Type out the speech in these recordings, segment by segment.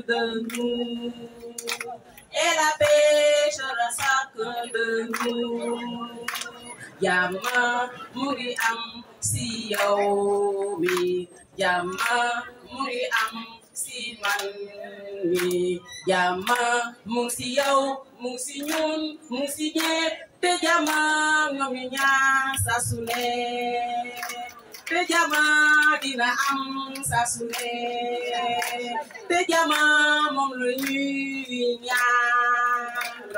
de nous. Et la paix sera chacun de nous. Yama muri am si yow mi. Yama muri am si mi. Yama mu si mu si mu si te yama nga mi ñaan sa su te jàmm dina am saa te jàmm moom la ñuy ñaan.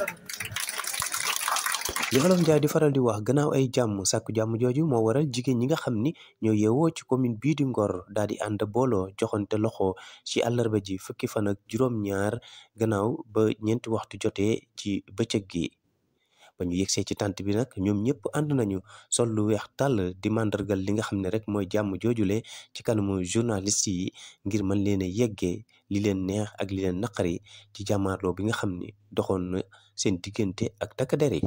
li Olof faral di wax gannaaw ay jàmm sàkku jàmm jooju moo waral jigéen ñi nga xam ni ñoo yeewoo ci commune bii di Ngor daal di ànd booloo joxante loxo ci àllarba ji fukki fan ak juróom-ñaar gannaaw ba ñeenti waxtu jote ci bëccëg gi. ba ñu yegsee ci tant bi nag ñoom ñëpp ànd nañu sol lu weex tàll di màndargal li nga xam ne rek mooy jàmm joojule ci kanamu journaliste yi ngir mën leen a yeggee li leen neex ak li leen naqari ci jàmmaarloo bi nga xam ne doxoon na seen diggante ak takk der yi.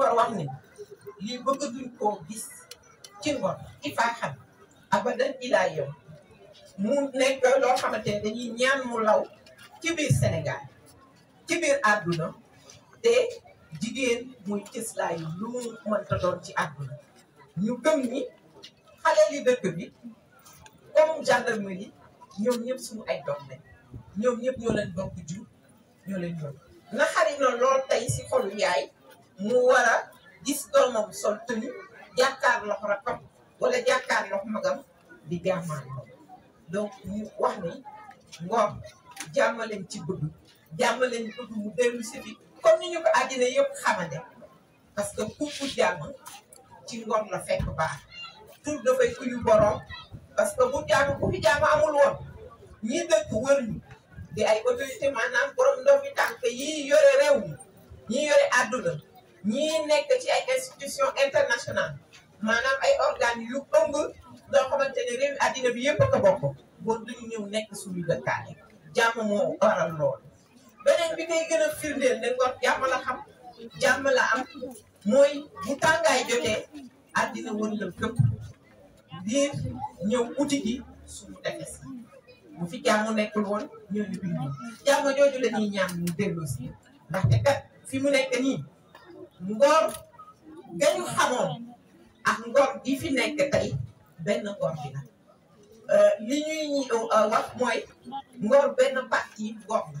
war wax ne lii bëggatuñ koo gis ci ngor ci faaxam abadan ilaa yow mu nekk loo xamante dañuy ñaan mu law ci biir Sénégal ci biir àdduna te. jigéen muy cëslaay lu mu mënta doon ci àdduna ñu gëm ni xale li dëkk bi comme gendarmerie ñoom ñëpp suñu ay doom ñoom ñëpp ñoo leen bokk jur ñoo leen ñëw na xari na lool tey si xolu yaay mu war a gis doomam sol tenue jàkkaar lox rakam wala jàkkaar lox magam di jàmmaan donc ñu wax ni ngor jàmmaleen ci bëgg jàmmaleen bëgg mu dellu si fi comme ni ñu ko àddina yëpp xamante parce que kukku jàmm ci ngor la fekk baax tur dafay kuyu borom parce que bu jàmm ku bi jàmm woon ñi dëkk wër ñu di ay autorité maanaam borom ndomi tànk yii yore réew ñi ñii yore àdduna ñii nekk ci ay institution internationale maanaam ay organes yu ëmb doo xamante ne réew mi àddina bi yëpp a ko bokk bon duñu ñëw nekk suñu dëkkaale jàmm moo waral loolu beneen bi koy gën a firndeel dañ ko jàmm la xam jàmm la am mooy bu tàngaay jotee àddina wër la këpp diir ñëw uti ji suñu tefes bu fi jàmm nekkul woon ñëw ñu bind jàmm jooju la ñuy ñaan mu delloo si ndaxte kat fi mu nekk nii ngor gañu xamoon ak ngor gi fi nekk tey benn ngor bi la li ñuy wax mooy ngor benn parti ngor la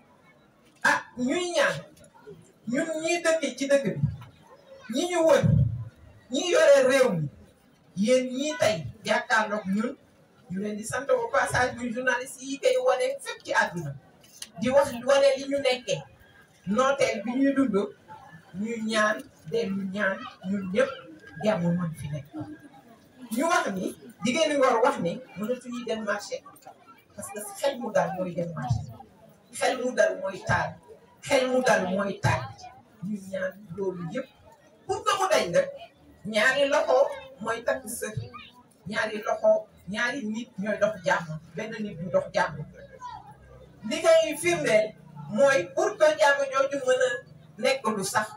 ñuy ñaan ñun ñii dëkk ci dëkk bi ñi ñu wër ñi yore réew mi yéen ñii tey jàkkaarloog ñun ñu leen di santo au passage muy journaliste yi koy wane fépp ci àdduna di wax wane li ñu nekkee nooteel bi ñuy dund ñu ñaan dellu ñaan ñun ñëpp jàmm mën fi nekk ñu wax ni jigéen Ngor wax ni mënatuñu dem marché parce que xel mu dal mooy dem marché xel mu dal mooy taal xel mu dal mooy tàgg ñu ñaan loolu yëpp pour que mu dañ nag ñaari loxo mooy takk sër ñaari loxo ñaari nit ñooy dox jàmm benn nit du dox jàmm li ngay firndeel mooy pour que jàmm jooju mën a nekk lu sax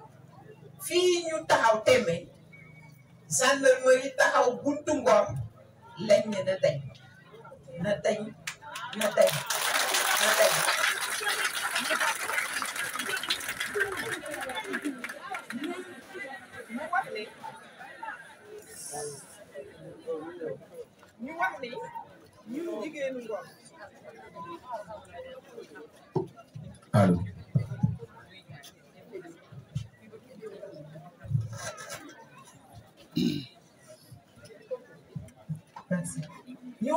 fii ñu taxaw teme gendarmerie taxaw buntu Ngor lañ ne na dañ na dañ na dañ na dañ allo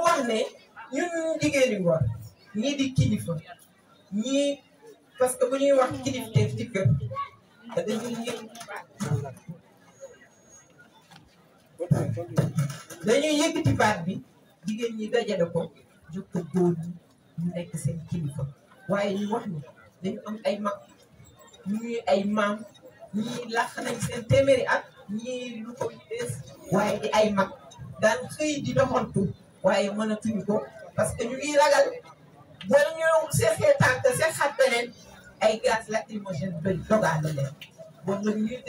wax ne ñun jigéen ñi ngoon ñii di kilifa ñii parce que bu ñuy wax kilifa tey ci kër te dañuy yëg bi jigéen ñi dajale ko. jokkoo góor ñi ñu nekk seen kilifa waaye ñu wax ni dañu am ay mag ñuy ay maam ñii làq nañ seen téeméeri at ñii lu ko des waaye di ay mag daan xëy di doxantu waaye mënatuñu ko parce que ñu ngi ragal boo ñëw seexee tànk seexaat beneen ay gaz lacrymogène bëri dogaale leen bon nag ñuy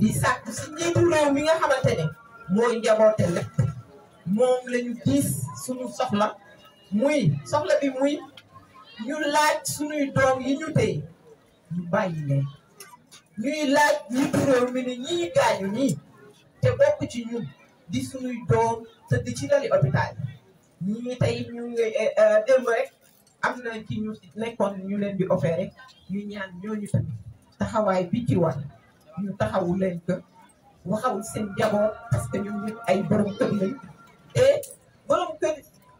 di sàkk si njiitu réew mi nga xamante ne mooy njaboote lépp moom la gis. suñu soxla muy soxla bi muy ñu laaj suñuy doom yi ñu tey ñu bàyyi leen ñuy laaj ñu réew mi ne ñii gaañu ñii te bokk ci ñun di suñuy doom tëdd ci lali hôpital ñii tey ñu ngi eh, eh, eh, rek am na ci ñu nekkoon ñu leen di opéré ñu ñaan ñooñu tamit taxawaay bi ci wax ñu taxawu leen ko waxaw seen jaboot parce que ñun ay borom kër lañ et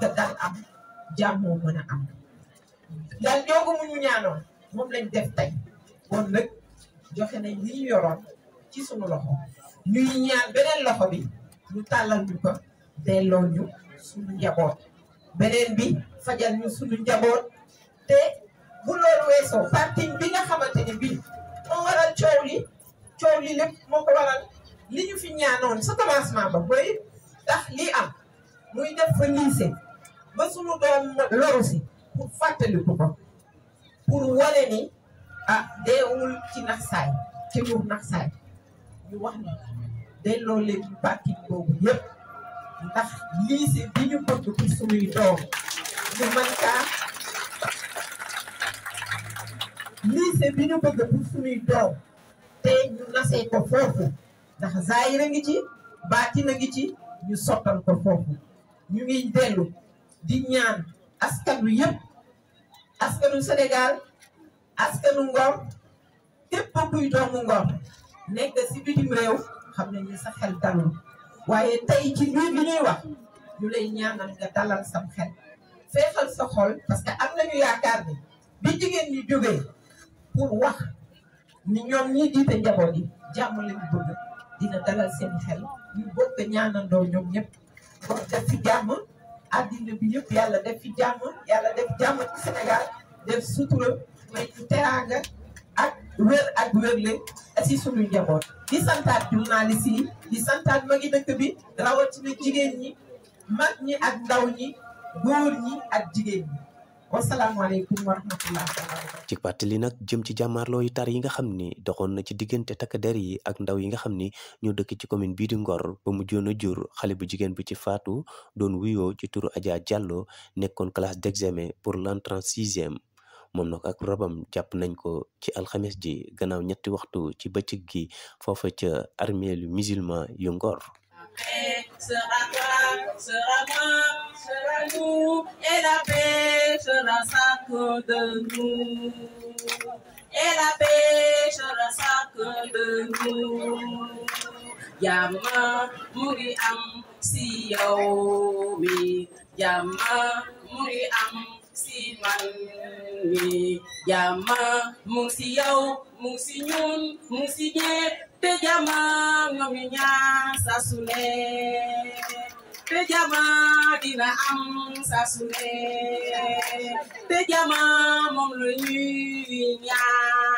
te dal am jàmmoo mën a am dal ñoogu mu ñu ñaanoon moom lañ def tey kon nag joxe nañ li ñu yoroon ci sunu loxo ñuy ñaan beneen loxo bi ñu tàllal ko delloo ñu sunu njaboot beneen bi fajal ñu sunu njaboot te bu loolu weesoo parti bi nga xamante ne bii moo waral coow li coow li lépp moo ko waral li ñu fi ñaanoon sa commencement ba mooy tax lii am muy def fa lycée ba suñu doom loru pour fàttaliku ko pour wane ni ah deewul ci nax saay ci nguur nax ñu wax ni delloo leen parti boobu yëpp ndax lycée bi ñu bëgg pour suñuy doom bi ñu bëgg pour suñuy doom te ñu nasee ko foofu ndax zaahir a ngi ci baati na ngi ci ñu sottal ko foofu ñu ngi dellu di ñaan askan wi yëpp askanu Sénégal askanu Ngor képp kuy doomu Ngor nekk si bitim réew xam nañu sa xel dalul waaye tey ci lii bi ñuy wax ñu lay ñaanal nga dalal sam xel feexal sa xol parce que am nañu yaakaar ni bi jigéen ñu jógee pour wax ni ñoom ñi jiite njaboot yi jàmm lañu bëgg dina dalal seen xel ñu bokk ñaanandoo ñoom ñëpp wax ca si jàmm addina bi yëpp yàlla def fi jàmm yàlla def jàmm ci Sénégal def sutura may ñu teraanga ak wér ak wérle si suñu njaboot di santaat journaliste yi di santaat magi dëkk bi rawatina jigéen ñi mag ñi ak ndaw ñi góor ñi ak jigéen ñi wasalaamaaleykum ci pàttali nag jëm ci jàmmaarloo yu tar yi nga xam ni doxoon na ci diggante takk der yi ak ndaw yi nga xam ni ñu dëkk ci commune bii di Ngor ba mu joon jur xale bu jigéen bu ci faatu doon wuyoo ci turu ajaa Diallo nekkoon classe d'examen pour l'entrée en sixième moom nag ak robam jàpp nañ ko ci alxemes ji gannaaw ñetti waxtu ci bëccëg gi foofa ca armée lu musulman yu Ngor. sera nous et la paix sera sacre de nous. Et la paix sera sacre de nous. Yama muri am si Yama muri am simani Yama musi yao musi Te yama ngaminya sasune. te jama dina am saa su ne te jama moom la ñuy ñaan